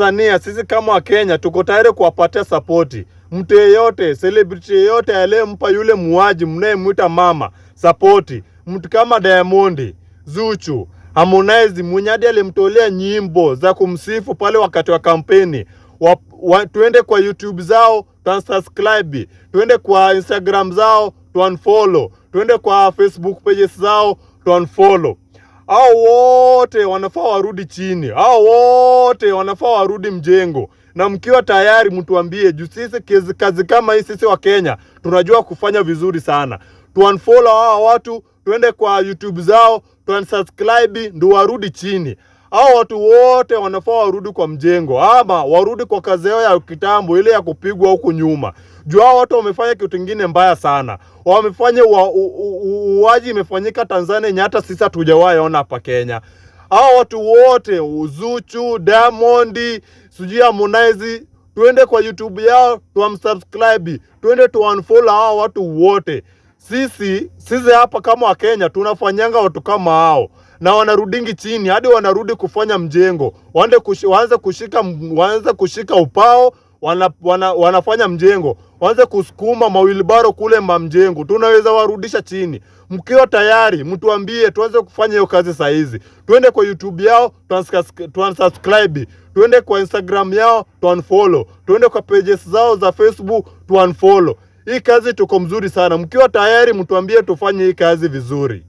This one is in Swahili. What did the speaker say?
Tanzania, sisi kama Wakenya tuko tayari kuwapatia sapoti mtu yeyote, celebrity yeyote aliyempa yule muaji mnayemwita mama sapoti, mtu kama Diamond, Zuchu, Harmonize, Munyadi alimtolea nyimbo za kumsifu pale wakati wa kampeni wa, wa, tuende kwa YouTube zao tusubscribe, tuende kwa Instagram zao tuunfollow, tuende kwa Facebook pages zao tuunfollow hao wote wanafaa warudi chini, hao wote wanafaa warudi mjengo. Na mkiwa tayari mtuambie, juu sisi kazi kama hii sisi wa Kenya tunajua kufanya vizuri sana. Tuanfollow hao watu, tuende kwa YouTube zao, tuansubscribe, ndio warudi chini hao watu wote wanafaa warudi kwa mjengo ama warudi kwa kazi yao ya kitambo, ile ya kupigwa huku nyuma. Juu watu wamefanya kitu kingine mbaya sana, wamefanya uuaji imefanyika Tanzania yenye hata sisi hatujawahi ona hapa Kenya. Hao watu wote Zuchu, Diamond, sijui Harmonize, tuende kwa YouTube yao tuamsubscribe, tuende tuunfollow hao watu wote sisi sisi hapa kama wa Kenya tunafanyanga watu kama hao na wanarudingi chini hadi wanarudi kufanya mjengo waanze kush, waanze kushika waanze kushika upao wana, wana, wanafanya mjengo waanze kusukuma mawilibaro kule mamjengo, tunaweza warudisha chini. Mkiwa tayari mtuambie, tuanze kufanya hiyo kazi saa hizi. Tuende kwa YouTube yao tuansubscribe, tuende kwa Instagram yao tuanfollow, tuende kwa pages zao za Facebook tuanfollow. Hii kazi tuko mzuri sana, mkiwa tayari mtuambie tufanye hii kazi vizuri.